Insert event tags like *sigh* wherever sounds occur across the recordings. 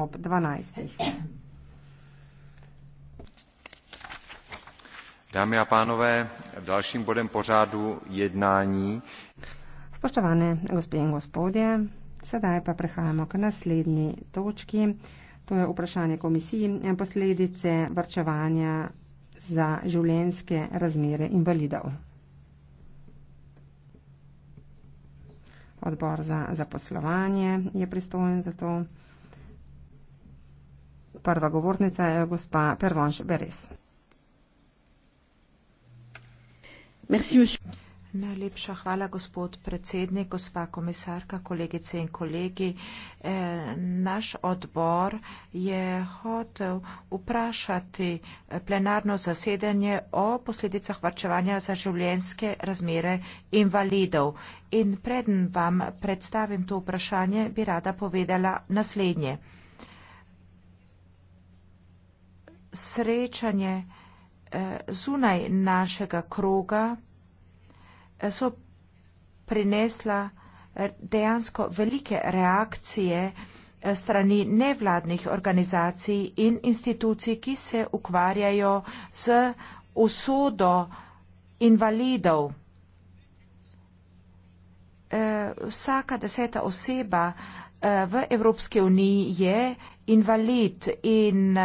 ob 12. Dámy a pánové, dalším bodem pořádu jednání. Spoštovane gospodin gospodje, sedaj pa prehajamo k naslednji točki. To je vprašanje komisiji posledice vrčevanja za življenske razmere invalidov. Odbor za zaposlovanje je pristojen za to prva govornica je gospa Pervanš Beres. Najlepša hvala, gospod predsednik, gospa komisarka, kolegice in kolegi. E, naš odbor je hotel vprašati plenarno zasedanje o posledicah varčevanja za življenske razmere invalidov. In preden vam predstavim to vprašanje, bi rada povedala naslednje. srečanje eh, zunaj našega kroga eh, so prinesla eh, dejansko velike reakcije strani nevladnih organizacij in institucij, ki se ukvarjajo z usodo invalidov. Vsaka deseta oseba v Evropski uniji je invalid in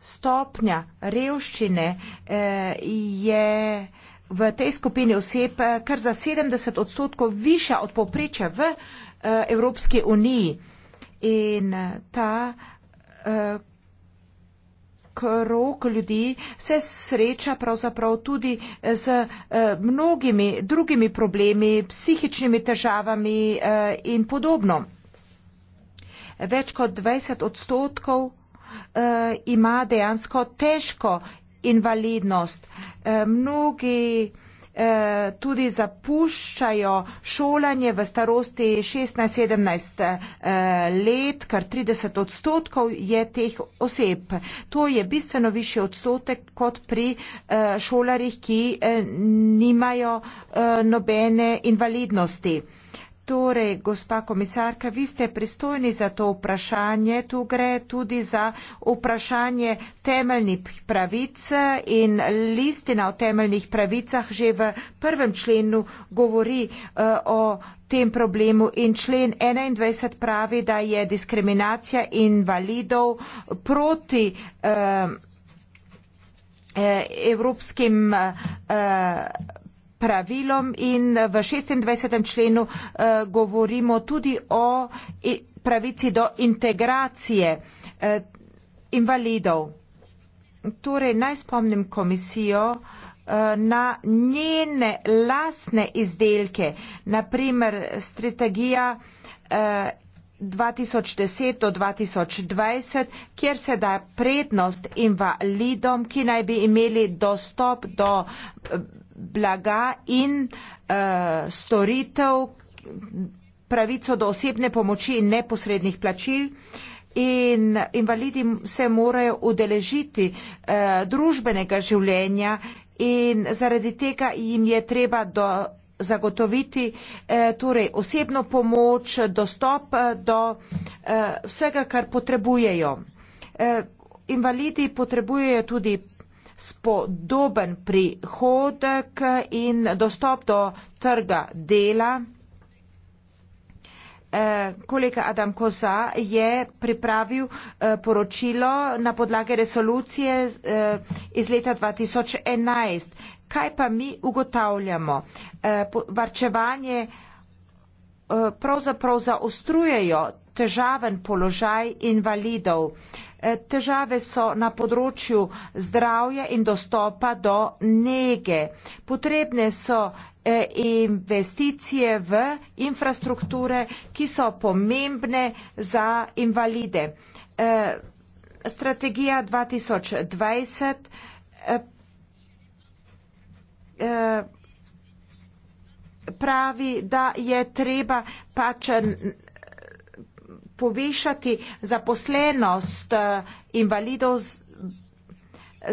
stopnja revščine eh, je v tej skupini oseb eh, kar za 70 odstotkov višja od povprečja v eh, Evropski uniji. In ta krok ljudi se sreča pravzaprav tudi z mnogimi drugimi problemi, psihičnimi težavami in podobno. Več kot 20 odstotkov uh, ima dejansko težko invalidnost. Uh, mnogi eh, tudi zapuščajo šolanje v starosti 16-17 let, kar 30 odstotkov je teh oseb. To je bistveno više odstotek kot pri šolarjih, ki nimajo nobene invalidnosti. Torej, gospa komisarka, vi ste pristojni za to vprašanje. Tu gre tudi za vprašanje temeljnih pravic in listina o temeljnih pravicah že v prvem členu govori uh, o tem problemu in člen 21 pravi, da je diskriminacija invalidov proti. Uh, evropskim uh, pravilom in v 26. členu eh, govorimo tudi o pravici do integracije eh, invalidov. Torej, naj spomnim komisijo eh, na njene lastne izdelke, naprimer strategija 2010 do 2020, kjer se da prednost invalidom, ki naj bi imeli dostop do blaga in uh, storitev, pravico do osebne pomoči in neposrednih plačil. In invalidi se morajo udeležiti uh, družbenega življenja in zaradi tega jim je treba do zagotoviti eh, torej osebno pomoč, dostop do vsega, kar potrebujejo. Invalidi potrebujejo tudi spodoben prihodek in dostop do trga dela. Eh, kolega Adam Koza je pripravil eh, poročilo na podlage resolucije eh, iz leta 2011. Kaj pa mi ugotavljamo? Varčevanje Eh, pravzaprav zaostrujejo težaven položaj invalidov. Eh, težave so na področju zdravja in dostopa do nege. Potrebne so eh, investicije v infrastrukture, ki so pomembne za invalide. Strategija 2020 pravi, da je treba pač eh, povešati zaposlenost eh, invalidov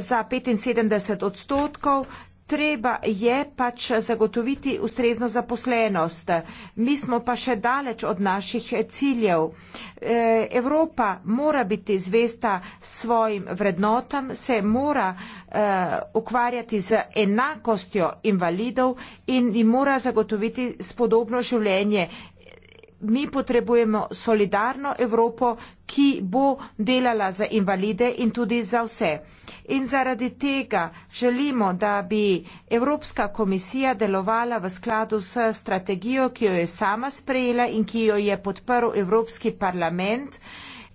za 75 odstotkov treba je pač zagotoviti ustrezno zaposlenost. Mi smo pa še daleč od naših ciljev. E, Evropa mora biti zvesta svojim vrednotam, se mora e, ukvarjati z enakostjo invalidov in jim mora zagotoviti spodobno življenje mi potrebujemo solidarno Evropo, ki bo delala za invalide in tudi za vse. In zaradi tega želimo, da bi Evropska komisija delovala v skladu s strategijo, ki jo je sama sprejela in ki jo je podprl Evropski parlament.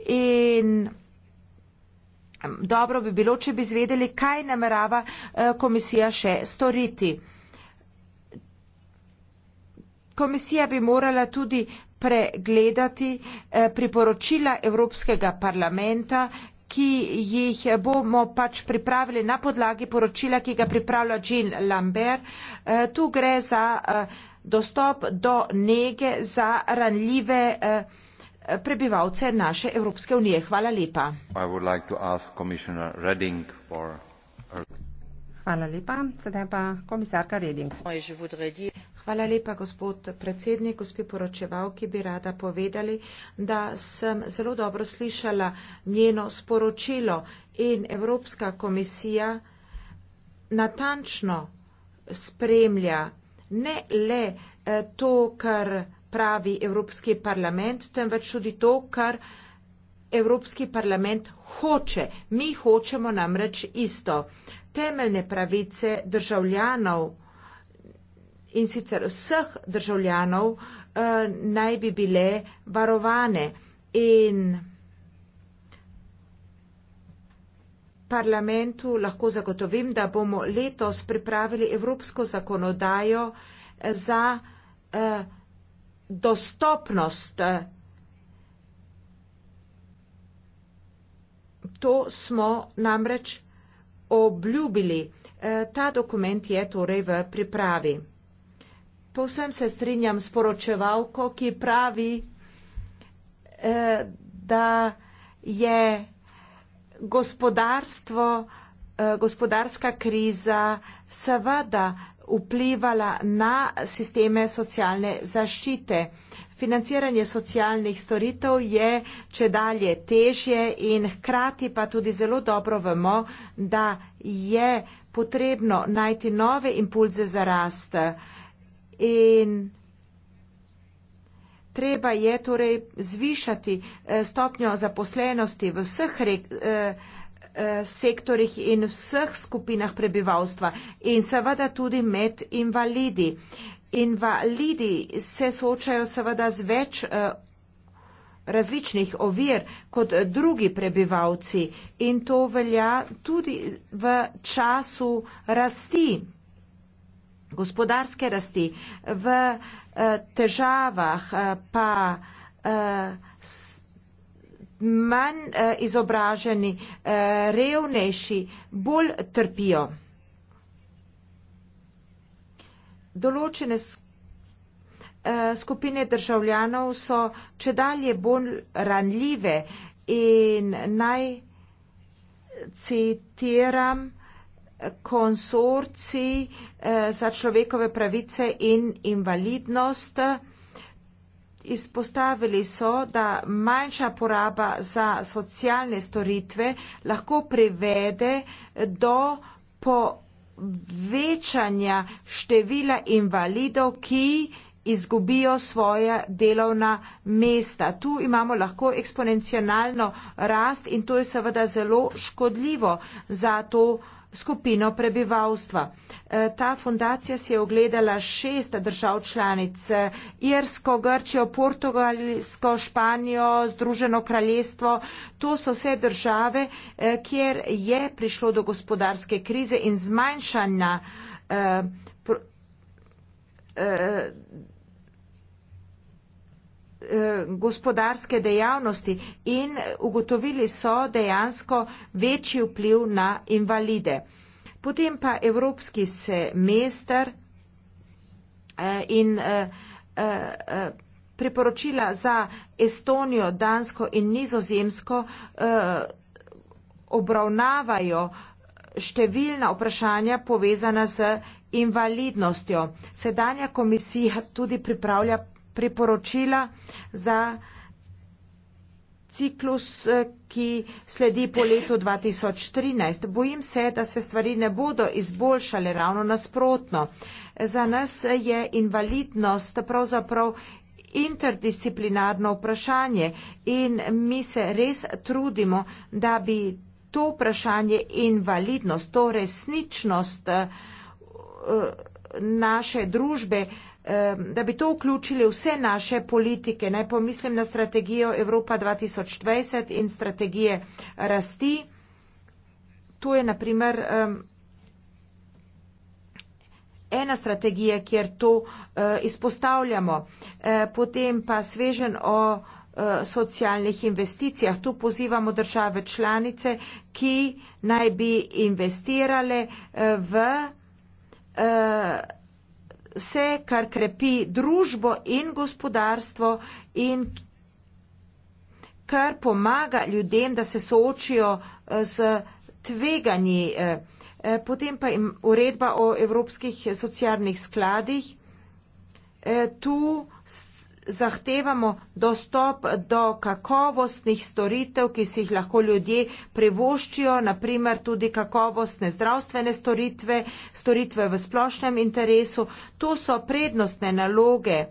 In dobro bi bilo, če bi zvedeli, kaj namerava eh, komisija še storiti. Komisija bi morala tudi pregledati eh, priporočila Evropskega parlamenta, ki jih bomo pač pripravili na podlagi poročila, ki ga pripravlja Jean Lambert. Eh, tu gre za eh, dostop do nege za ranljive prebivalce naše Evropske unije. Hvala lepa. Hvala lepa. Sedaj pa komisarka Reding. Hvala lepa, gospod predsednik, gospod poročeval, ki bi rada povedali, da sem zelo dobro slišala njeno sporočilo in Evropska komisija natančno spremlja ne le eh, to, kar pravi Evropski parlament, temveč tudi to, kar Evropski parlament hoče. Mi hočemo namreč isto. Temeljne pravice državljanov in sicer vseh državljanov, eh, naj bi bile varovane. In parlamentu lahko zagotovim, da bomo letos pripravili evropsko zakonodajo eh, za eh, dostopnost. To smo namreč obljubili. Ta dokument je torej v pripravi. Povsem se strinjam s poročevalko, ki pravi, eh, da je gospodarstvo, eh, gospodarska kriza seveda vplivala na sisteme socialne zaščite. Financiranje socialnih storitev je če dalje težje in hkrati pa tudi zelo dobro vemo, da je potrebno najti nove impulze za rast in treba je torej zvišati eh, stopnjo zaposlenosti v vseh eh, eh, sektorjih in vseh skupinah prebivalstva in seveda tudi med invalidi. Invalidi se soočajo seveda z več različnih ovir kot drugi prebivalci in to velja tudi v času rasti gospodarske rasti, v eh, težavah eh, pa eh, manj izobraženi, revnejši bolj trpijo. Določene skupine državljanov so če dalje bolj ranljive in naj citiram konsorcij Eh, za človekove pravice in invalidnost. Izpostavili so, da manjša poraba za socialne storitve lahko privede do povečanja števila invalidov, ki izgubijo svoje delovna mesta. Tu imamo lahko eksponencionalno rast in to je seveda zelo škodljivo za to skupino prebivalstva. Ta fundacija si je ogledala šest držav članic. Irsko, Grčijo, Portugalsko, Španijo, Združeno kraljestvo. To so vse države, eh, kjer je prišlo do gospodarske krize in zmanjšanja eh, eh, gospodarske dejavnosti in ugotovili so dejansko večji vpliv na invalide potem pa evropski semester eh, in eh, eh, priporočila za Estonijo, Dansko in Nizozemsko obravnavajo številna vprašanja povezana z invalidnostjo. Sedanja komisija tudi pripravlja priporočila za invalidnostjo ciklus, eh, ki sledi po letu 2013. Bojim se, da se stvari ne bodo izboljšale ravno nasprotno. Za nas je invalidnost pravzaprav interdisciplinarno vprašanje in mi se res trudimo, da bi to vprašanje invalidnost, to resničnost eh, naše družbe uh, da bi to vključili vse naše politike. Naj pomislim na strategijo Evropa 2020 in strategije rasti. To je naprimer ena strategija, kjer to e, izpostavljamo. E, potem pa svežen o e, socialnih investicijah. Tu pozivamo države članice, ki naj bi investirale v vse, kar krepi družbo in gospodarstvo in kar pomaga ljudem, da se soočijo z eh, tveganji. Eh, eh, potem pa im uredba o evropskih socialnih skladih. Tu zahtevamo dostop do kakovostnih storitev, ki si jih lahko ljudje privoščijo, naprimer tudi kakovostne zdravstvene storitve, storitve v splošnem interesu. To so prednostne naloge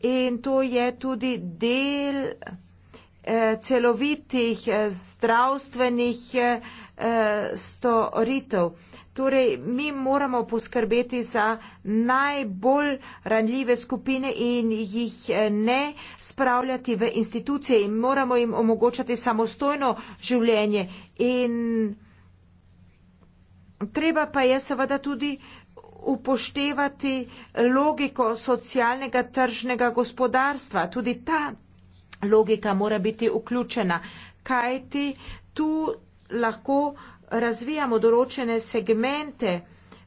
in to je tudi del eh, celovitih eh, zdravstvenih eh, storitev. Torej, mi moramo poskrbeti za najbolj ranljive skupine in jih eh, ne spravljati v institucije in moramo jim omogočati samostojno življenje. In treba pa je seveda tudi upoštevati logiko socialnega tržnega gospodarstva. Tudi ta logika mora biti vključena, kajti tu lahko razvijamo določene segmente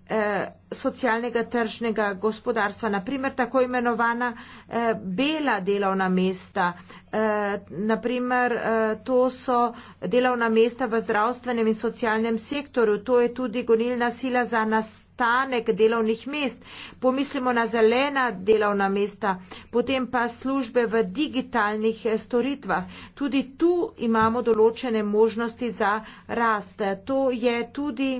Eh, socialnega tržnega gospodarstva, naprimer tako imenovana eh, bela delovna mesta. Eh, naprimer, eh, to so delovna mesta v zdravstvenem in socialnem sektorju, to je tudi gonilna sila za nastanek delovnih mest. Pomislimo na zelena delovna mesta, potem pa službe v digitalnih eh, storitvah. Tudi tu imamo določene možnosti za rast. To je tudi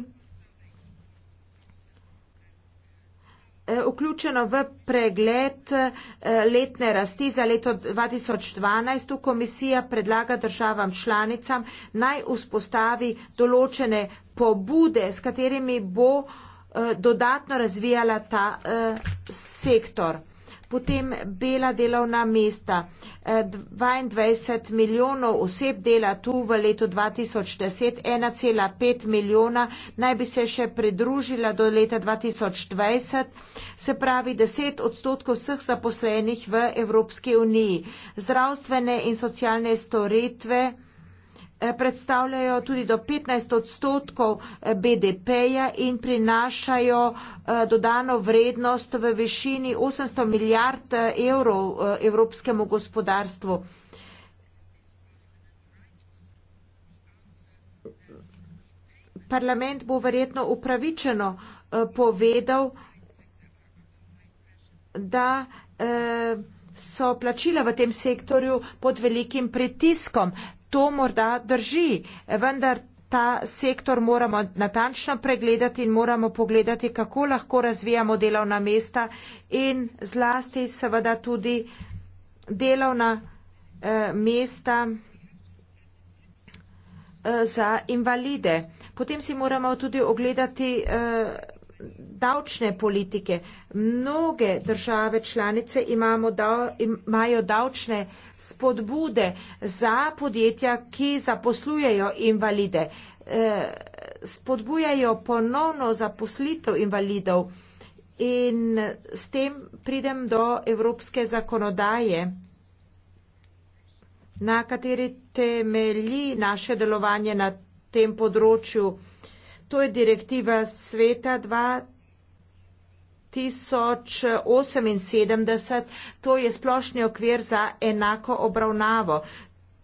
Eh, vključeno v pregled eh, letne rasti za leto 2012. Komisija predlaga državam članicam naj vzpostavi določene pobude, s katerimi bo eh, dodatno razvijala ta sektor potem bela delovna mesta. 22 eh, milijonov oseb dela tu v letu 2010, 1,5 milijona naj bi se še pridružila do leta 2020, se pravi 10 odstotkov vseh zaposlenih v Evropski uniji. Zdravstvene in socialne storitve. Eh, predstavljajo tudi do 15 odstotkov eh, BDP-ja in prinašajo eh, dodano vrednost v višini 800 milijard evrov evropskemu gospodarstvu. Parlament bo verjetno upravičeno povedal, da so plačila v tem sektorju pod velikim pritiskom to morda drži, vendar ta sektor moramo natančno pregledati in moramo pogledati, kako lahko razvijamo delovna mesta in zlasti seveda tudi delovna eh, mesta eh, za invalide. Potem si moramo tudi ogledati. Eh, davčne politike. Mnoge države članice imamo da, imajo davčne spodbude za podjetja, ki zaposlujejo invalide. E, spodbujajo ponovno zaposlitev invalidov in s tem pridem do evropske zakonodaje, na kateri temelji naše delovanje na tem področju. To je direktiva sveta 2078, to je splošni okvir za enako obravnavo.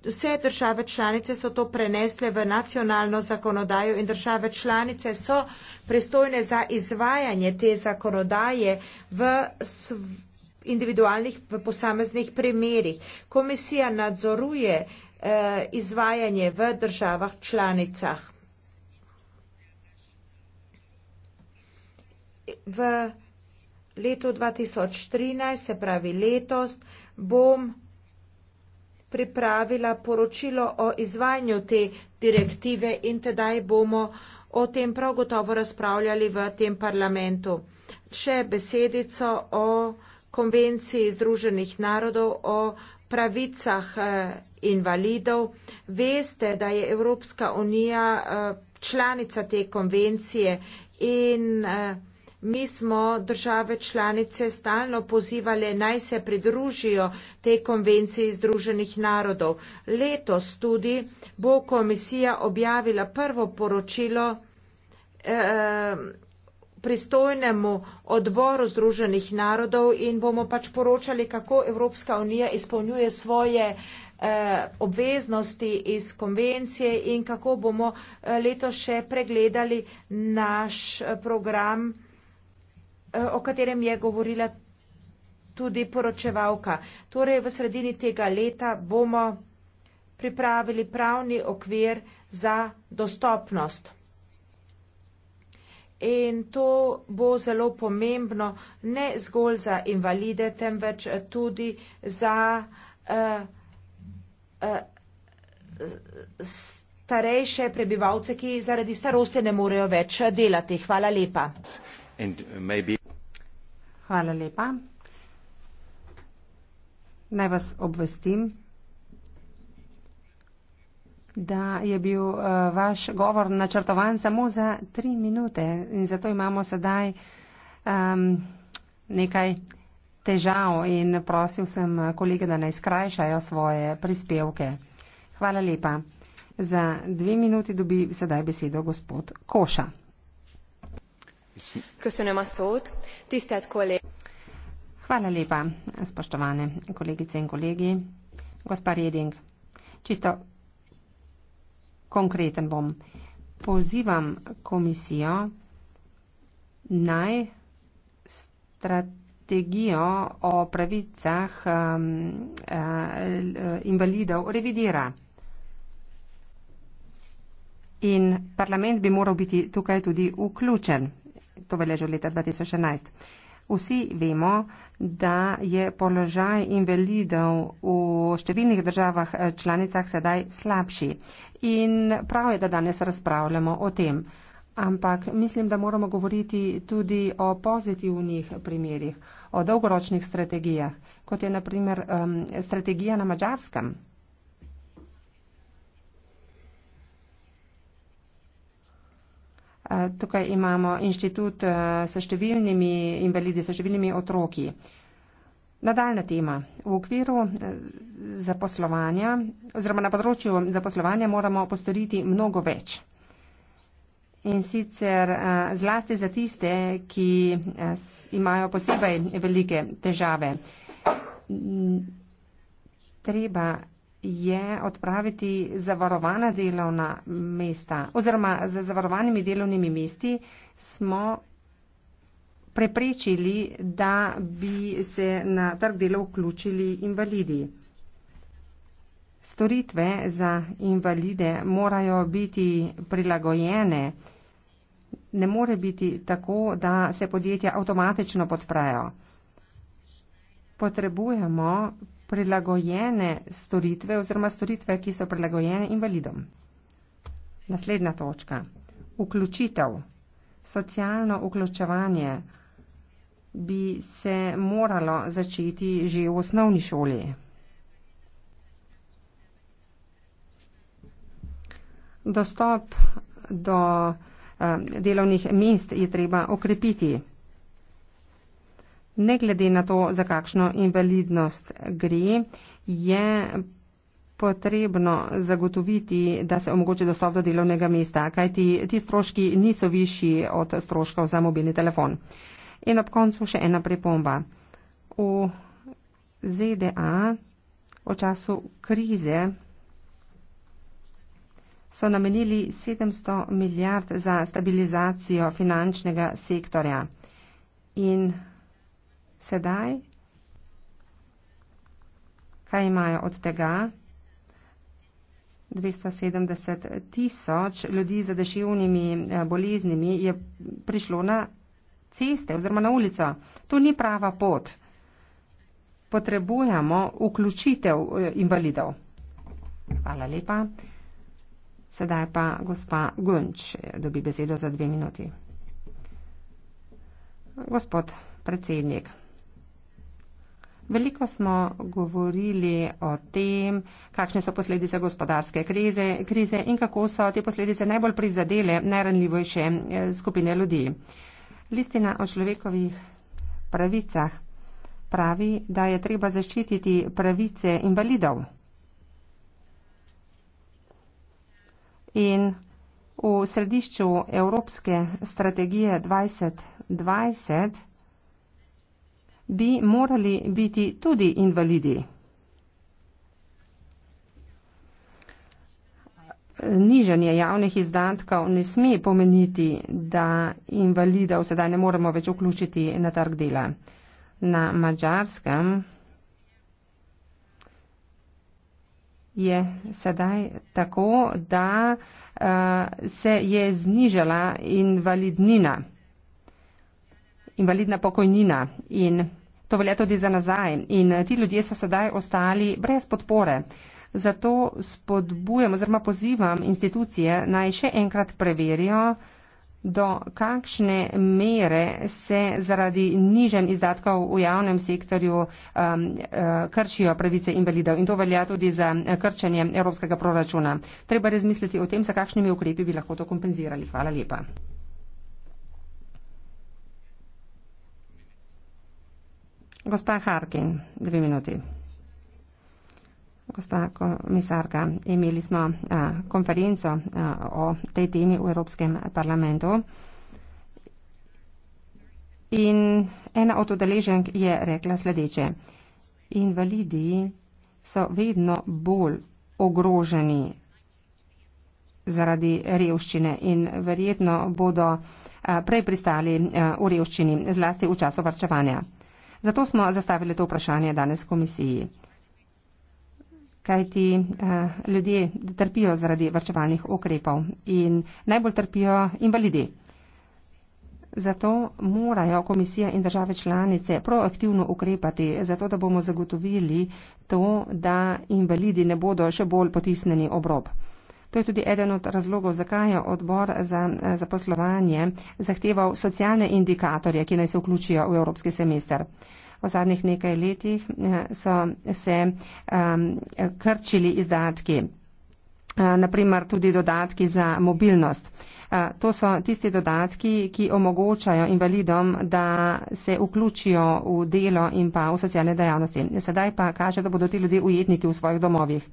Vse države članice so to prenesle v nacionalno zakonodajo in države članice so pristojne za izvajanje te zakonodaje v individualnih, v posameznih primerih. Komisija nadzoruje eh, izvajanje v državah članicah. v letu 2013, se pravi letos, bom pripravila poročilo o izvajanju te direktive in tedaj bomo o tem prav gotovo razpravljali v tem parlamentu. Še besedico o Konvenciji Združenih narodov o pravicah eh, invalidov. Veste, da je Evropska unija eh, članica te konvencije in eh, Mi smo države članice stalno pozivali naj se pridružijo tej konvenciji Združenih narodov. Letos tudi bo komisija objavila prvo poročilo eh, pristojnemu odboru Združenih narodov in bomo pač poročali, kako Evropska unija izpolnjuje svoje eh, obveznosti iz konvencije in kako bomo eh, letos še pregledali naš program Eh, o katerem je govorila tudi poročevalka. Torej, v sredini tega leta bomo pripravili pravni okvir za dostopnost. In to bo zelo pomembno ne zgolj za invalide, temveč tudi za uh, uh, starejše prebivalce, ki zaradi starosti ne morejo več delati. Hvala lepa. Hvala lepa. Naj vas obvestim, da je bil uh, vaš govor načrtovan samo za tri minute in zato imamo sedaj um, nekaj težav in prosil sem eh, kolege, da naj skrajšajo svoje prispevke. Hvala lepa. Za dve minuti dobi sedaj besedo gospod Koša. Hvala lepa, spoštovane kolegice in kolegi. Gospa Reding, čisto konkreten bom. Pozivam komisijo naj strategijo o pravicah um, uh, invalidov revidira. In parlament bi moral biti tukaj tudi vključen to velja že od leta 2011. Vsi vemo, da je položaj invalidov v številnih državah eh, članicah sedaj slabši. In prav je, da danes razpravljamo o tem. Ampak mislim, da moramo govoriti tudi o pozitivnih primerjih, o dolgoročnih strategijah, kot je naprimer um, ehm, strategija na mačarskem, Eh, tukaj imamo inštitut eh, s številnimi invalidi, s številnimi otroki. Nadaljna tema. V okviru eh, zaposlovanja oziroma na področju zaposlovanja moramo postoriti mnogo več. In sicer zlasti za tiste, ki imajo posebej velike težave. Treba je odpraviti zavarovana delovna mesta oziroma z zavarovanimi delovnimi mesti smo preprečili, da bi se na trg dela vključili invalidi. Storitve za invalide morajo biti prilagojene. Ne more biti tako, da se podjetja avtomatično podprejo. Potrebujemo prilagojene storitve oziroma storitve, ki so prilagojene invalidom. Naslednja točka. Vključitev. Socialno vključevanje bi se moralo začeti že v osnovni šoli. Dostop do eh, delovnih mest je treba okrepiti ne glede na to, za kakšno invalidnost gre, je potrebno zagotoviti, da se omogoče dostop do delovnega mesta, kajti ti stroški niso višji od stroškov za mobilni telefon. In ob koncu še ena pripomba. V ZDA v času krize so namenili 700 milijard za stabilizacijo finančnega sektorja. In sedaj, kaj imajo od tega? 270 tisoč ljudi z deševnimi eh, boleznimi je prišlo na ceste oziroma na ulico. To ni prava pot. Potrebujemo vključitev eh, invalidov. Hvala lepa. Sedaj pa gospa Gunč eh, dobi besedo za dve minuti. Gospod predsednik. Veliko smo govorili o tem, kakšne so posledice gospodarske krize, krize in kako so te posledice najbolj prizadele najranljivejše eh, skupine ljudi. Listina o človekovih pravicah pravi, da je treba zaščititi pravice invalidov. In v središču Evropske strategije 2020 bi morali biti tudi invalidi. Nižanje javnih izdatkov ne sme pomeniti, da invalidov sedaj ne moremo več vključiti na trg dela. Na mačarskem je sedaj tako, da uh, se je znižala invalidnina, invalidna pokojnina in To velja tudi za nazaj in eh, ti ljudje so sedaj ostali brez podpore. Zato spodbujam oziroma pozivam institucije naj še enkrat preverijo, do kakšne mere se zaradi nižen izdatkov v javnem sektorju um, eh, kršijo pravice invalidov. In to velja tudi za eh, krčenje evropskega proračuna. Treba razmisliti o tem, za kakšnimi ukrepi bi lahko to kompenzirali. Hvala lepa. Gospa Harkin, dve minuti. Gospa komisarka, imeli smo a, konferenco a, o tej temi v Evropskem parlamentu in ena od udeleženk je rekla sledeče. Invalidi so vedno bolj ogroženi zaradi revščine in verjetno bodo a, prej pristali a, v revščini, zlasti v času varčevanja. Zato smo zastavili to vprašanje danes komisiji. Kaj ti eh, ljudje trpijo zaradi vrčevalnih ukrepov in najbolj trpijo invalidi. Zato morajo komisija in države članice proaktivno ukrepati, zato da bomo zagotovili to, da invalidi ne bodo še bolj potisneni obrob. To je tudi eden od razlogov, zakaj je odbor za eh, zaposlovanje zahteval socialne indikatorje, ki naj se vključijo v evropski semester. V zadnjih nekaj letih eh, so se um, krčili izdatki, uh, eh, naprimer tudi dodatki za mobilnost. To so tisti dodatki, ki omogočajo invalidom, da se vključijo v delo in pa v socialne dejavnosti. Sedaj pa kaže, da bodo ti ljudje ujetniki v svojih domovih.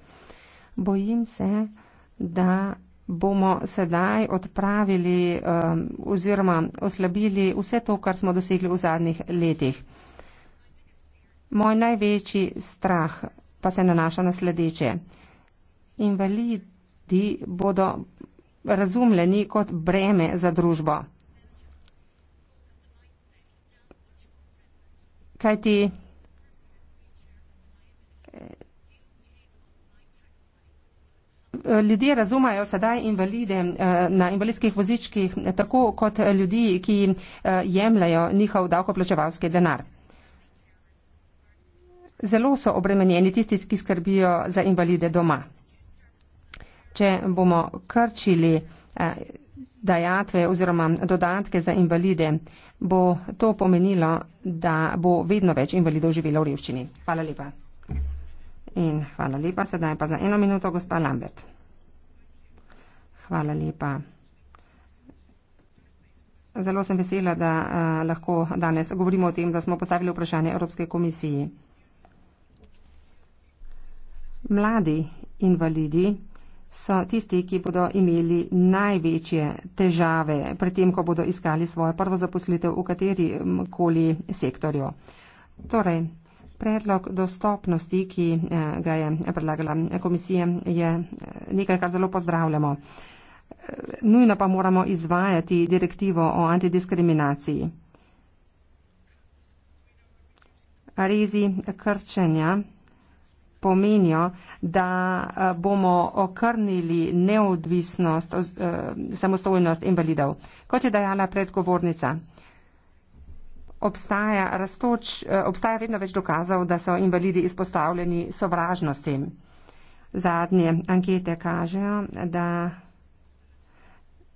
Bojim se, da bomo sedaj odpravili um, oziroma oslabili vse to, kar smo dosegli v zadnjih letih. Moj največji strah pa se nanaša na sledeče. Invalidi bodo razumljeni kot breme za družbo. Kajti ljudje razumajo sedaj invalide eh, na invalidskih vozičkih eh, tako kot eh, ljudi, ki jemljajo njihov davkoplačevalski denar. Zelo so obremenjeni tisti, ki skrbijo za invalide doma. Če bomo krčili dajatve oziroma dodatke za invalide, bo to pomenilo, da bo vedno več invalidov živelo v revščini. Hvala lepa. In hvala lepa sedaj pa za eno minuto, gospa Lambert. Hvala lepa. Zelo sem vesela, da uh, lahko danes govorimo o tem, da smo postavili vprašanje Evropske komisiji. Mladi invalidi so tisti, ki bodo imeli največje težave pri tem, ko bodo iskali svojo prvo zaposlitev v katerem koli sektorju. Torej, predlog dostopnosti, ki eh, ga je predlagala komisija, je eh, nekaj, kar zelo pozdravljamo. Uh, nujno pa moramo izvajati direktivo o antidiskriminaciji. Rezi krčenja pomenijo, da eh, bomo okrnili neodvisnost, eh, samostojnost invalidov. Kot je dajala predgovornica, obstaja, rastoč, eh, obstaja vedno več dokazov, da so invalidi izpostavljeni sovražnosti. Zadnje ankete kažejo, da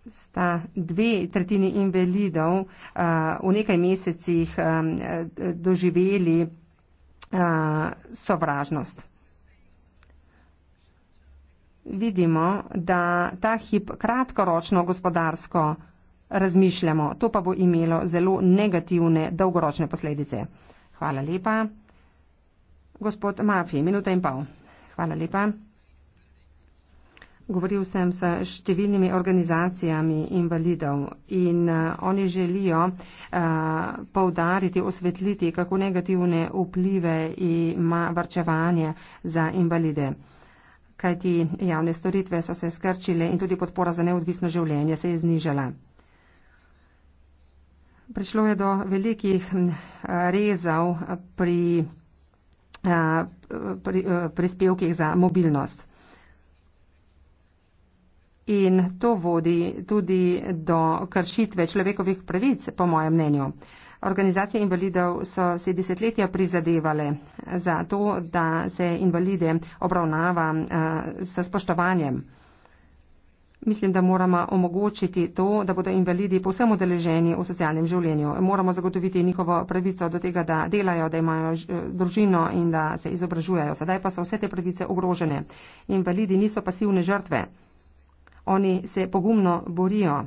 sta dve tretjini invalidov v nekaj mesecih doživeli sovražnost. Vidimo, da ta hip kratkoročno gospodarsko razmišljamo, to pa bo imelo zelo negativne dolgoročne posledice. Hvala lepa. Gospod Mafi, minuta in pol. Hvala lepa. Govoril sem s številnimi organizacijami invalidov in eh, oni želijo eh, poudariti, osvetliti, kako negativne vplive ima varčevanje za invalide. Kajti javne storitve so se skrčile in tudi podpora za neodvisno življenje se je znižala. Prišlo je do velikih rezov pri, eh, pri, pri prispevkih za mobilnost in to vodi tudi do kršitve človekovih pravic, po mojem mnenju. Organizacije invalidov so se desetletja prizadevale za to, da se invalide obravnava eh, s spoštovanjem. Mislim, da moramo omogočiti to, da bodo invalidi povsem udeleženi v socialnem življenju. Moramo zagotoviti njihovo pravico do tega, da delajo, da imajo eh, družino in da se izobražujajo. Sedaj pa so vse te pravice ogrožene. Invalidi niso pasivne žrtve. Oni se pogumno borijo.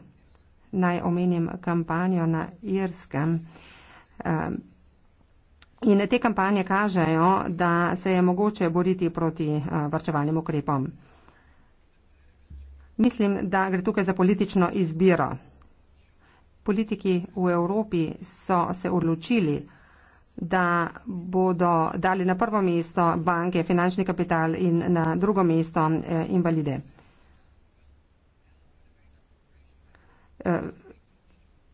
Naj omenim kampanjo na Irskem. In te kampanje kažejo, da se je mogoče boriti proti eh, vrčevalnim ukrepom. Mislim, da gre tukaj za politično izbiro. Politiki v Evropi so se odločili, da bodo dali na prvo mesto banke, finančni kapital in na drugo mesto eh, invalide.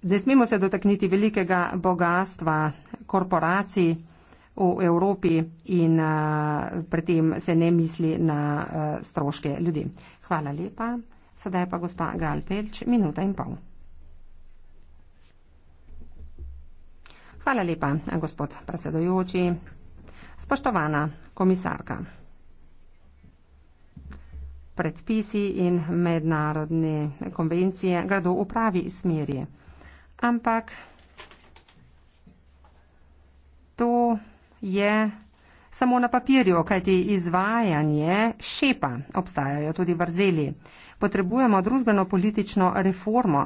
ne smemo se dotakniti velikega bogatstva korporacij v Evropi in eh, pri tem se ne misli na eh, stroške ljudi. Hvala lepa. Sedaj pa gospa Galpelč, minuta in pol. Hvala lepa, gospod predsedojoči. Spoštovana komisarka predpisi in mednarodne konvencije gredo v pravi smeri. Ampak to je samo na papirju, kajti izvajanje šepa, obstajajo tudi vrzeli. Potrebujemo družbeno-politično reformo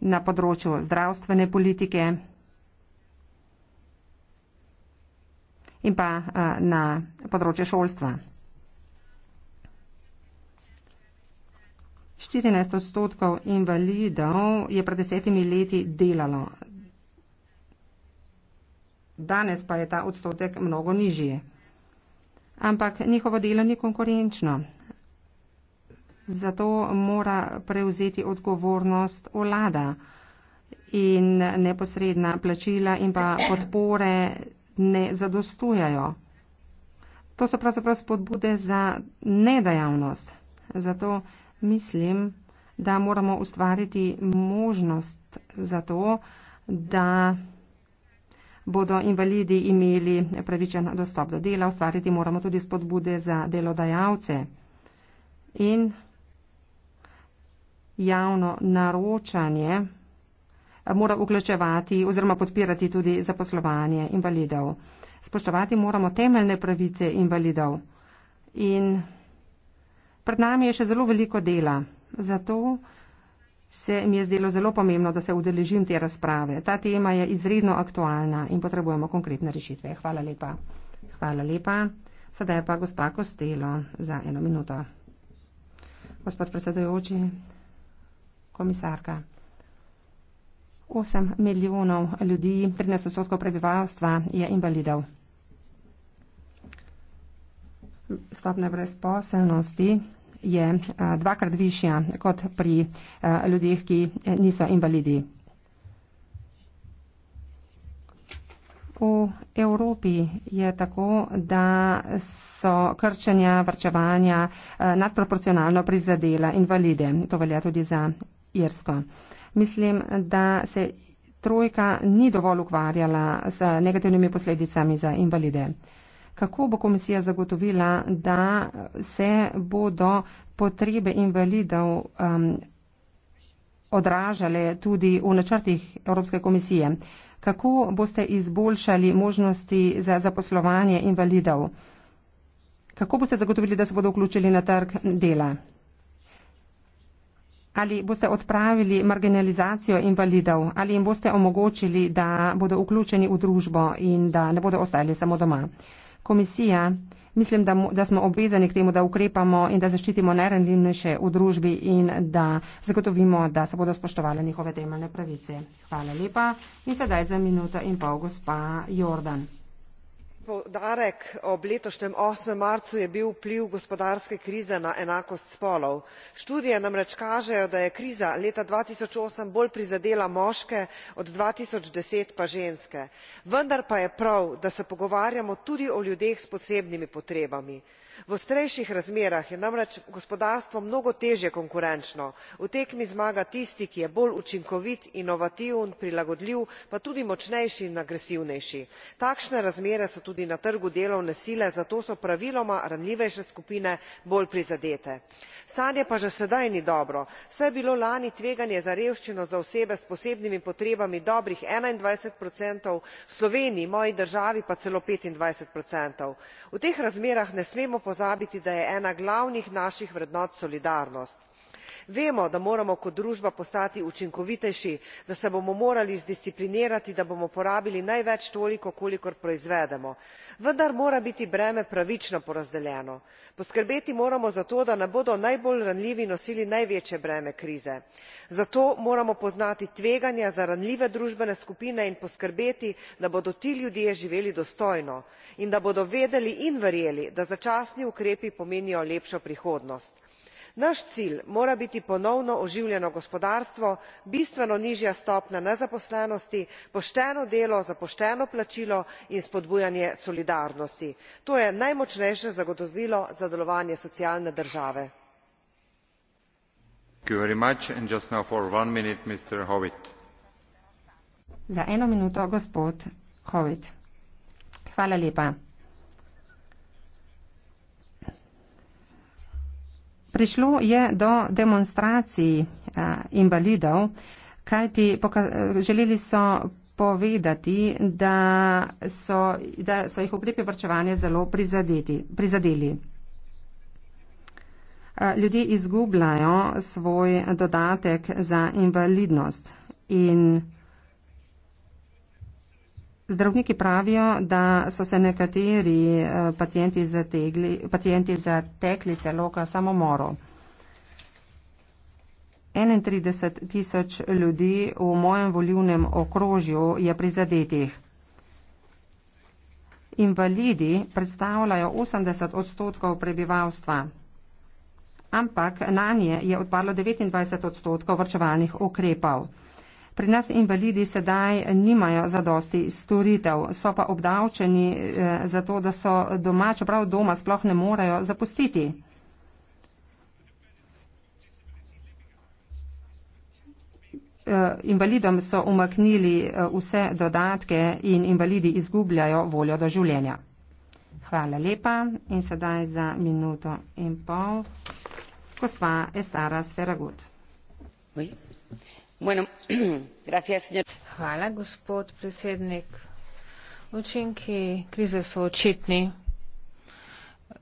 na področju zdravstvene politike in pa eh, na področju šolstva. 14 odstotkov invalidov je pred desetimi leti delalo. Danes pa je ta odstotek mnogo nižji. Ampak njihovo delo ni konkurenčno. Zato mora prevzeti odgovornost vlada in neposredna plačila in pa podpore ne zadostujajo. To so pravzaprav spodbude za nedajavnost. Zato mislim, da moramo ustvariti možnost za to, da bodo invalidi imeli pravičen dostop do dela, ustvariti moramo tudi spodbude za delodajalce in javno naročanje eh, mora vključevati oziroma podpirati tudi zaposlovanje invalidov. Spoštovati moramo temeljne pravice invalidov in Pred nami je še zelo veliko dela, zato se mi je zdelo zelo pomembno, da se udeležim te razprave. Ta tema je izredno aktualna in potrebujemo konkretne rešitve. Hvala lepa. Hvala lepa. Sedaj pa gospa Kostelo za eno minuto. Gospod predsedujoči, komisarka. 8 milijonov ljudi, 13 odstotkov prebivalstva je invalidov stopnja brezposelnosti je eh, dvakrat višja kot pri eh, ljudeh, ki eh, niso invalidi. V Evropi je tako, da so krčenja, vrčevanja nadproporcionalno prizadela invalide. To velja tudi za Irsko. Mislim, da se trojka ni dovolj ukvarjala z negativnimi posledicami za invalide kako bo komisija zagotovila, da se bodo potrebe invalidov um, odražale tudi v načrtih Evropske komisije. Kako boste izboljšali možnosti za zaposlovanje invalidov? Kako boste zagotovili, da se bodo vključili na trg dela? Ali boste odpravili marginalizacijo invalidov? Ali jim boste omogočili, da bodo vključeni v družbo in da ne bodo ostali samo doma? komisija, mislim, da, da smo obvezani k temu, da ukrepamo in da zaščitimo najranljivnejše v družbi in da zagotovimo, da se bodo spoštovali njihove temeljne pravice. Hvala lepa in sedaj za minuto in pol gospa Jordan poudarek ob letošnjem osmem marcu je bil vpliv gospodarske krize na enakost spolov študije namreč kažejo da je kriza leta dva tisoč osem bolj prizadela moške od dva tisoč deset pa ženske vendar pa je prav da se pogovarjamo tudi o ljudeh s posebnimi potrebami v ostrejših razmerah je namreč gospodarstvo mnogo težje konkurenčno v tekmi zmaga tisti ki je bolj učinkovit inovativen prilagodljiv pa tudi močnejši in agresivnejši takšne razmere so tudi na trgu delovne sile zato so praviloma ranljivejše skupine bolj prizadete stanje pa že sedaj ni dobro saj je bilo lani tveganje za revščino za osebe s posebnimi potrebami dobrih enaindvajset procentov v sloveniji moji državi pa celo petindvajset procentov v teh razmerah ne smemo pozabiti da je ena glavnih naših vrednot solidarnost vemo da moramo kot družba postati učinkovitejši da se bomo morali zdisciplinirati da bomo porabili največ toliko kolikor proizvedemo vendar mora biti breme pravično porazdeljeno poskrbeti moramo za to da ne bodo najbolj ranljivi nosili največje breme krize zato moramo poznati tveganja za ranljive družbene skupine in poskrbeti da bodo ti ljudje živeli dostojno in da bodo vedeli in verjeli da začasni ukrepi pomenijo lepšo prihodnost naš cilj mora biti ponovno oživljeno gospodarstvo bistveno nižja stopnja nezaposlenosti pošteno delo za pošteno plačilo in spodbujanje solidarnosti to je najmočnejše zagotovilo za delovanje socialne države. Prišlo je do demonstracij eh, invalidov, kajti želeli so povedati, da so, da so jih ukrepe vrčevanja zelo prizadeti, prizadeli. Eh, ljudje izgubljajo svoj dodatek za invalidnost in Zdravniki pravijo, da so se nekateri eh, pacijenti, zategli, pacijenti zatekli celo k samomoru. 31 tisoč ljudi v mojem volivnem okrožju je prizadetih. Invalidi predstavljajo 80 odstotkov prebivalstva, ampak na nje je odpadlo 29 odstotkov vrčevalnih ukrepov. Pri nas invalidi sedaj nimajo zadosti storitev, so pa obdavčeni eh, za to, da so doma, čeprav doma sploh ne morejo zapustiti. Eh, invalidom so umaknili eh, vse dodatke in invalidi izgubljajo voljo do življenja. Hvala lepa in sedaj za minuto in pol. Gospa Estara Sferagut. Oui. *clears throat* učinki krize so očitni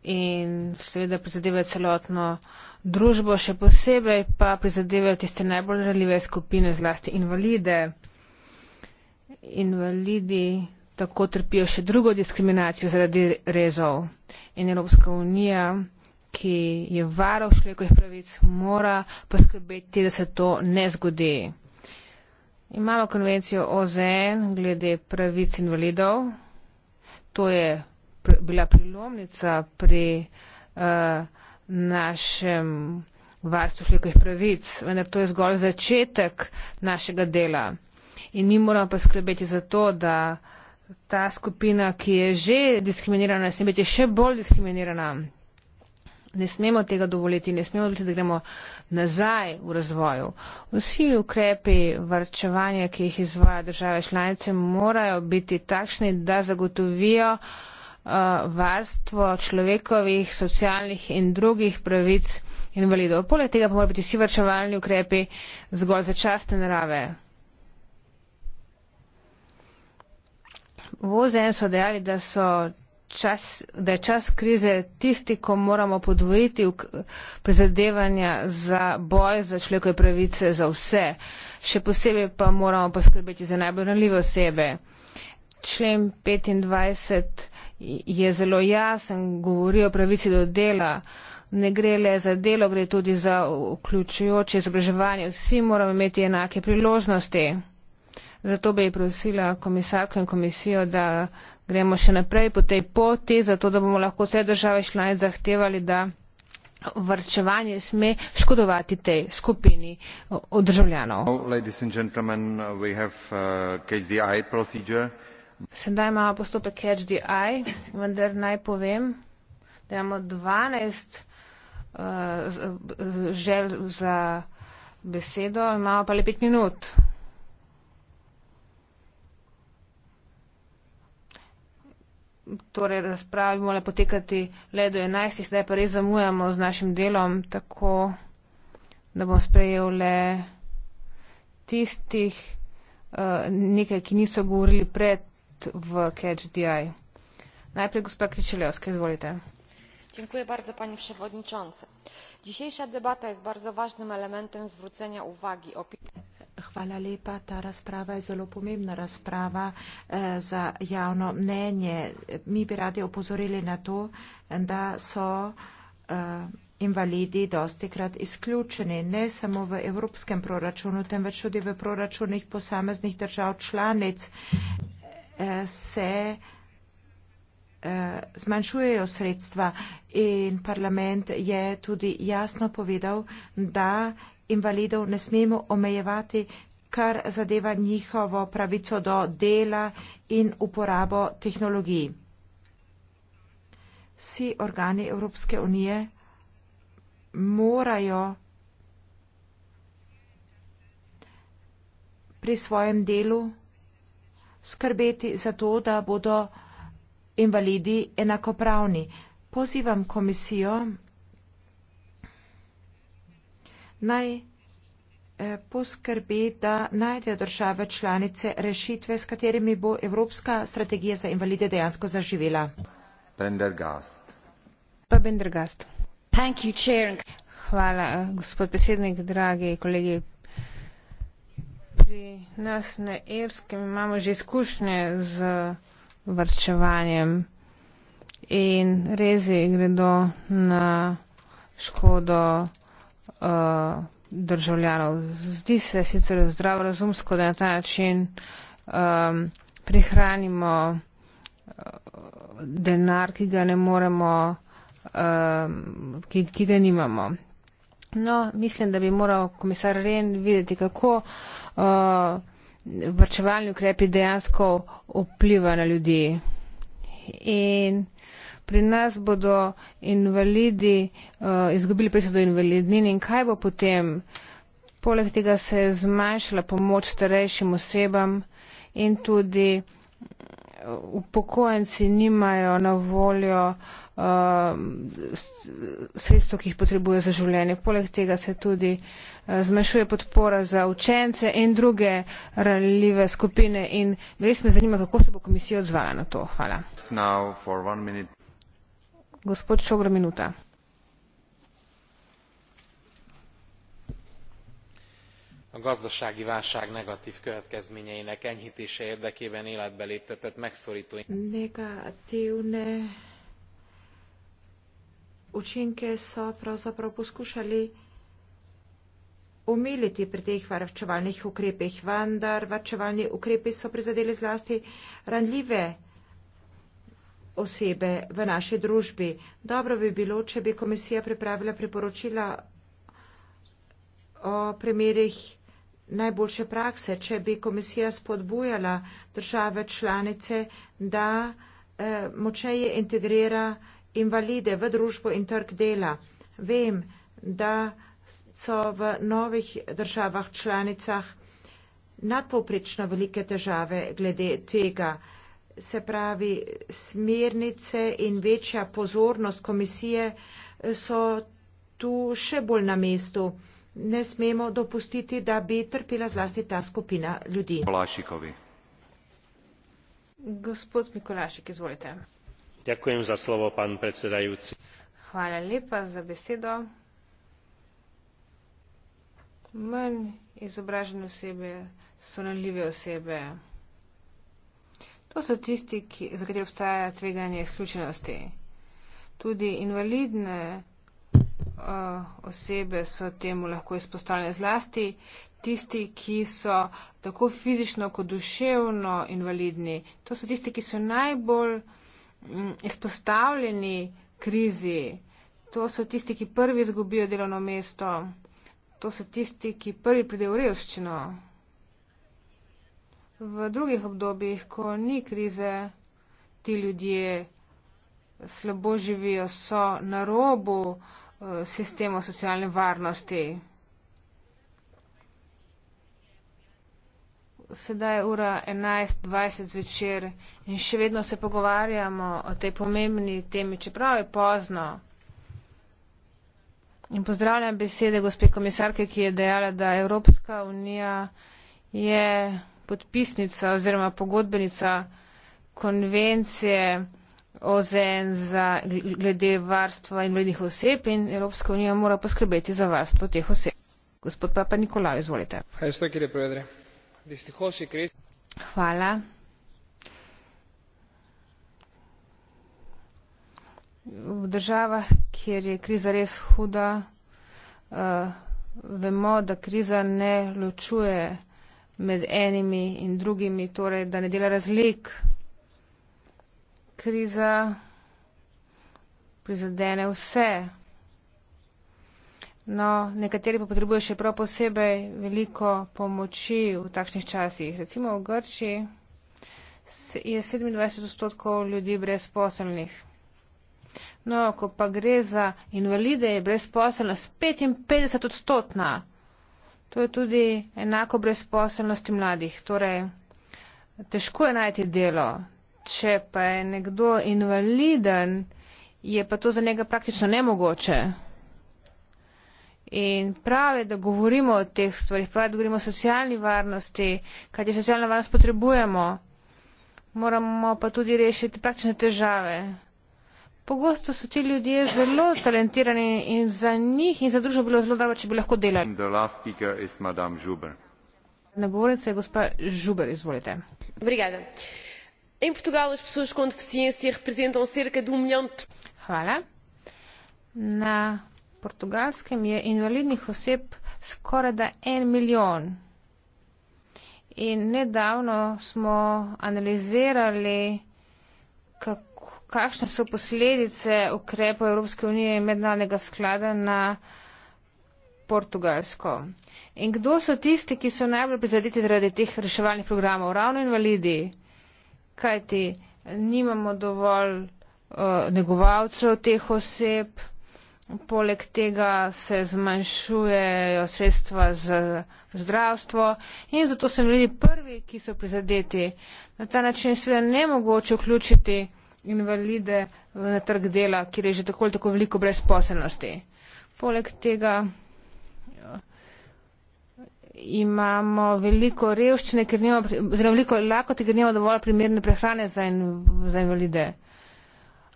in seveda prizadevajo celotno družbo, še posebej pa prizadevajo tiste najbolj ranljive skupine, zlasti invalide. Invalidi tako trpijo še drugo diskriminacijo zaradi rezov in Evropska unija ki je varo človekovih pravic, mora poskrbeti, da se to ne zgodi. Imamo konvencijo OZN glede pravic invalidov. To je pr bila prilomnica pri uh, našem varstvu človekovih pravic, vendar to je zgolj začetek našega dela. In mi moramo poskrbeti za to, da ta skupina, ki je že diskriminirana, se biti še bolj diskriminirana. Ne smemo tega dovoliti, ne smemo dovoliti, da gremo nazaj v razvoju. Vsi ukrepi varčevanja, ki jih izvaja države članice, morajo biti takšni, da zagotovijo uh, varstvo človekovih, socialnih in drugih pravic invalidov. Poleg tega pa morajo biti vsi varčevalni ukrepi zgolj začasne narave. V OZN so dejali, da so čas, da je čas krize tisti, ko moramo podvojiti prizadevanja za boj za človekove pravice za vse. Še posebej pa moramo poskrbeti za najbolj ranljive osebe. Člen 25 je zelo jasen, govori o pravici do dela. Ne gre le za delo, gre tudi za vključujoče izobraževanje. Vsi moramo imeti enake priložnosti. Zato bi prosila komisarko in komisijo, da gremo še naprej po tej poti, zato da bomo lahko vse države članice zahtevali, da vrčevanje sme škodovati tej skupini državljanov. Uh, uh, Sedaj imamo postopek catch the eye, vendar naj povem, da imamo 12 uh, žel za besedo, imamo pa le 5 minut. torej razprave bi morale potekati le do 11, zdaj pa res zamujamo z našim delom, tako da bom sprejel le tistih uh, nekaj, ki niso govorili pred v CatchDI. Najprej gospa Kričelevska, izvolite. Dziękuję bardzo Panie Przewodniczący. Dzisiejsza debata jest bardzo ważnym elementem zwrócenia uwagi opinii. Hvala lepa. Ta razprava je zelo pomembna razprava eh, za javno mnenje. Mi bi radi opozorili na to, da so eh, invalidi dosti krat izključeni ne samo v evropskem proračunu, temveč tudi v proračunih posameznih držav članic eh, se zmanjšujejo sredstva in parlament je tudi jasno povedal, da invalidov ne smemo omejevati, kar zadeva njihovo pravico do dela in uporabo tehnologij. Vsi organi Evropske unije morajo pri svojem delu skrbeti za to, da bodo invalidi enakopravni. Pozivam komisijo, naj eh, poskrbi, da najdejo države članice rešitve, s katerimi bo Evropska strategija za invalide dejansko zaživela. Bendergast. Pa Bendergast. Thank you, chair. Hvala, eh, gospod predsednik, dragi kolegi. Pri nas na Irskem imamo že izkušnje z vrčevanjem in rezi gredo na škodo uh, državljanov. Zdi se sicer zdravo razumsko, da na ta način um, prihranimo eh, denar, ki ga ne moremo, um, ki, ki ga nimamo. No, mislim, da bi moral komisar Ren videti, kako uh, eh, vrčevalni ukrepi dejansko vpliva na ljudi. In pri nas bodo invalidi uh, izgubili pristop do invalidnin in kaj bo potem? Poleg tega se je zmanjšala pomoč starejšim osebam in tudi eh, upokojenci nimajo na voljo uh, eh, sredstva, ki jih potrebuje za življenje. Poleg tega se tudi uh, zmanjšuje podpora za učence in druge ranljive skupine in res me zanima, kako se bo komisija odzvala na to. Hvala. Gospod Šogr, minuta. A gazdasági válság negatív következményeinek enyhítése érdekében életbe léptetett megszorító... Negatívne učinke so pravzaprav poskušali omiliti pri teh varčevalnih ukrepih, vendar varčevalni ukrepi so prizadeli zlasti ranljive osebe v naši družbi. Dobro bi bilo, če bi komisija pripravila priporočila o primerih najboljše prakse, če bi komisija spodbujala države članice, da eh, močeje integrira invalide v družbo in trg dela. Vem, da so v novih državah članicah nadpovprečno velike težave glede tega se pravi smernice in večja pozornost komisije so tu še bolj na mestu. Ne smemo dopustiti, da bi trpila zlasti ta skupina ljudi. Polašikovi. Gospod Mikolašik, izvolite. Dakujem za slovo, pan predsedajúci. Hvala lepa za besedo. Manj izobražene osebe so nalive osebe. To so tisti, ki, za katere obstaja tveganje izključenosti. Tudi invalidne uh, osebe so temu lahko izpostavljene zlasti. Tisti, ki so tako fizično kot duševno invalidni, to so tisti, ki so najbolj mm, izpostavljeni krizi. To so tisti, ki prvi izgubijo delovno mesto. To so tisti, ki prvi pridejo v revščino v drugih obdobjih, ko ni krize, ti ljudje slabo živijo, so na robu eh, sistemo socialne varnosti. Sedaj je ura 11.20 zvečer in še vedno se pogovarjamo o tej pomembni temi, čeprav je pozno. In pozdravljam besede gospe komisarke, ki je dejala, da Evropska unija je podpisnica oziroma pogodbenica konvencije OZN za glede varstva invalidnih oseb in Evropska unija mora poskrbeti za varstvo teh oseb. Gospod Papa Nikolaj, izvolite. Hvala. V državah, kjer je kriza res huda, uh, vemo, da kriza ne ločuje med enimi in drugimi, torej da ne dela razlik. Kriza prizadene vse. No, nekateri pa potrebujejo še prav posebej veliko pomoči v takšnih časih. Recimo v Grčiji je 27 odstotkov ljudi brezposelnih. No, ko pa gre za invalide, je brezposelnost 55 odstotna. To je tudi enako brezposelnosti mladih. Torej, težko je najti delo. Če pa je nekdo invaliden, je pa to za njega praktično nemogoče. In prav je, da govorimo o teh stvarih, prav je, da govorimo o socialni varnosti, kaj je socialna varnost potrebujemo. Moramo pa tudi rešiti praktične težave Pogosto so ti ljudje zelo talentirani in za njih in za družbo bilo zelo dobro, če bi lahko delali. Na govornici je gospa Žuber, izvolite. Obrigada. In Portugalu s pessoas com deficiência reprezentam cerca de um milhão de pessoas. Hvala. Na portugalskem je invalidnih oseb skoraj da en milijon. In nedavno smo analizirali, kako kakšne so posledice ukrepa Evropske unije in mednarodnega sklada na Portugalsko. In kdo so tisti, ki so najbolj prizadeti zaradi teh reševalnih programov? Ravno invalidi, kajti nimamo dovolj uh, negovalcev teh oseb, poleg tega se zmanjšujejo sredstva za zdravstvo in zato so invalidi prvi, ki so prizadeti. Na ta način je seveda nemogoče vključiti invalide na trg dela, kjer je že tako ali tako veliko brezposelnosti. Poleg tega ja, imamo veliko revščine, ker nima, oziroma veliko lakoti, ker nimamo dovolj primerne prehrane za, in, za invalide.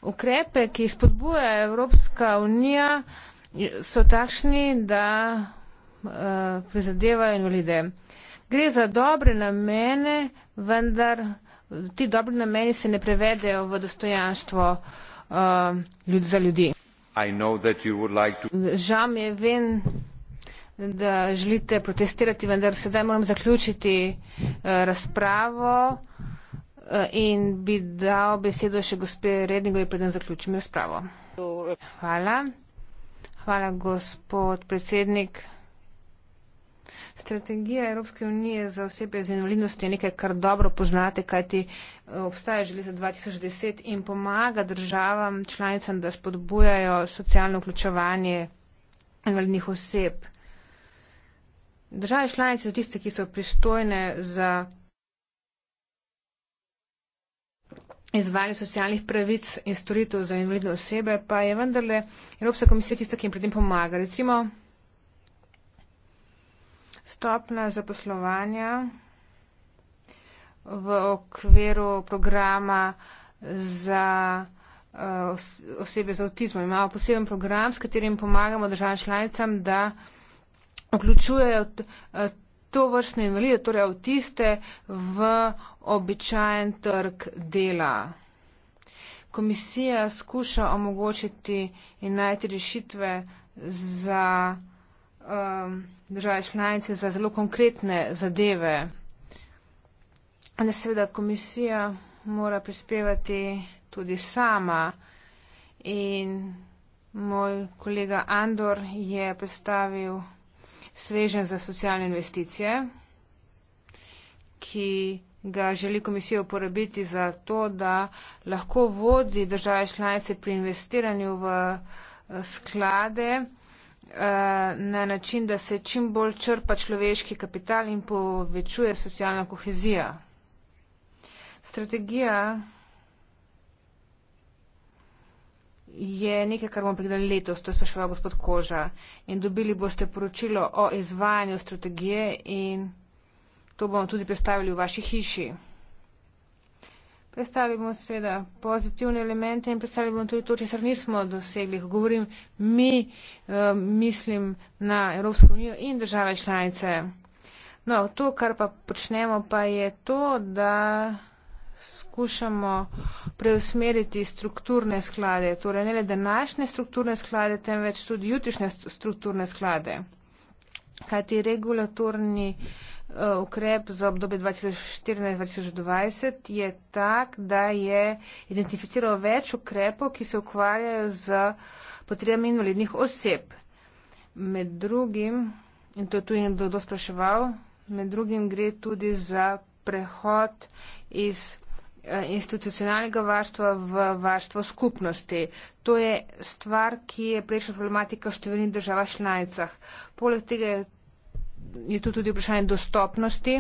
Ukrepe, ki jih spodbuja Evropska unija, so takšni, da uh, prizadevajo invalide. Gre za dobre namene, vendar ti dobri nameni se ne prevedejo v dostojanstvo uh, za ljudi. Like to... Žal mi je, vem, da želite protestirati, vendar sedaj moram zaključiti uh, razpravo uh, in bi dal besedo še gospe Rednigo in preden zaključim razpravo. Hvala. Hvala, gospod predsednik. Strategija Evropske unije za osebe z invalidnosti je nekaj, kar dobro poznate, kajti eh, obstaja že leta 2010 in pomaga državam članicam, da spodbujajo socialno vključevanje invalidnih oseb. Države članice so tiste, ki so pristojne za izvajanje socialnih pravic in storitev za invalidne osebe, pa je vendarle Evropska komisija tista, ki jim pri tem pomaga. Recimo, Stopna zaposlovanja v okviru programa za eh, osebe z avtizmom. Imamo poseben program, s katerim pomagamo državam članicam, da vključujejo eh, to vrstne invalide, torej avtiste, v običajen trg dela. Komisija skuša omogočiti in najti rešitve za um, države članice za zelo konkretne zadeve. Ampak seveda komisija mora prispevati tudi sama. In moj kolega Andor je predstavil svežen za socialne investicije, ki ga želi komisija uporabiti za to, da lahko vodi države članice pri investiranju v eh, sklade, Eh, na način, da se čim bolj črpa človeški kapital in povečuje socialna kohezija. Strategija je nekaj, kar bomo pregledali letos, to je spraševal gospod Koža. In dobili boste poročilo o izvajanju strategije in to bomo tudi predstavili v vaši hiši predstavljali bomo seveda pozitivne elemente in predstavljali bomo tudi to, če se nismo dosegli, ko govorim mi, eh, mislim na Evropsko unijo in države članice. No, to, kar pa počnemo, pa je to, da skušamo preusmeriti strukturne sklade, torej ne le današnje strukturne sklade, temveč tudi jutrišnje strukturne sklade. Kajti regulatorni uh, Eh, ukrep za obdobje 2014-2020 je tak, da je identificiral več ukrepov, ki se ukvarjajo z potrebami invalidnih oseb. Med drugim, in to je tudi nekdo dospraševal, med drugim gre tudi za prehod iz eh, institucionalnega varstva v varstvo skupnosti. To je stvar, ki je prejšnja problematika v številnih državah članicah. Poleg tega je je tu tudi vprašanje dostopnosti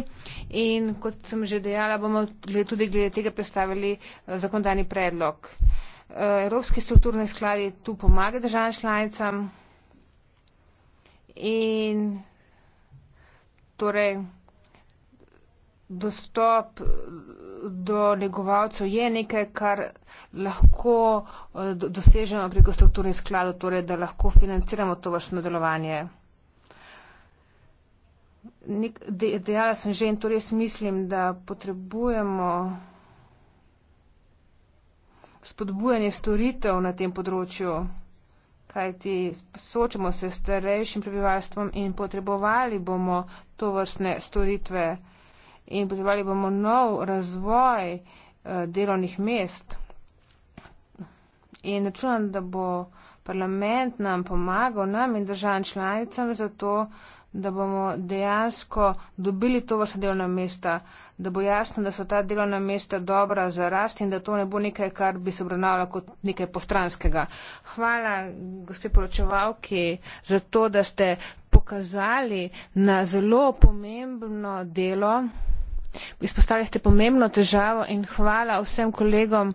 in kot sem že dejala, bomo tudi glede tega predstavili eh, zakondani predlog. Eh, Evropski strukturni skladi tu pomaga državam članicam in torej dostop eh, do negovalcev je nekaj, kar lahko dosežemo preko strukturnih skladov, torej da lahko financiramo to vrstno delovanje. Nek, de, dejala sem že in to res mislim, da potrebujemo spodbujanje storitev na tem področju, kajti soočamo se s starejšim prebivalstvom in potrebovali bomo to vrstne storitve in potrebovali bomo nov razvoj eh, delovnih mest. In računam, da bo parlament nam pomagal, nam in državam članicam za to, da da bomo dejansko dobili to vrstno delovna mesta, da bo jasno, da so ta delovna mesta dobra za rast in da to ne bo nekaj, kar bi se obravnavalo kot nekaj postranskega. Hvala, gospe poročevalki, za to, da ste pokazali na zelo pomembno delo. Izpostavili ste pomembno težavo in hvala vsem kolegom,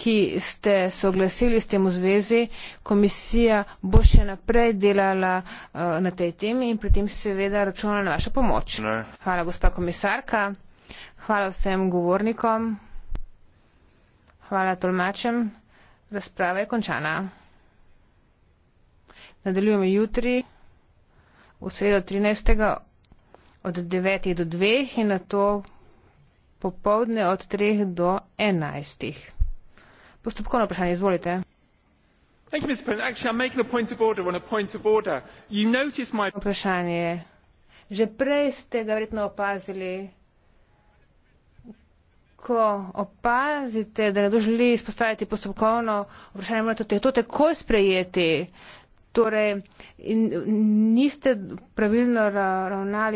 ki ste se oglasili s tem v zvezi, komisija bo še naprej delala uh, na tej temi in pri tem seveda računa na vašo pomoč. Ne. Hvala, gospa komisarka. Hvala vsem govornikom. Hvala tolmačem. Razprava je končana. Nadaljujemo jutri, v sredo 13. od 9. do 2. in na to popovdne od 3. do 11. Postopkovno vprašanje, izvolite. Thank you, Mr. President. Actually, I'm making a point of order on a point of order. You notice my... Vprašanje. Že prej ste ga verjetno opazili. Ko opazite, da nekdo želi izpostaviti postopkovno vprašanje, morate te, to takoj sprejeti. Torej, niste pravilno ravnali.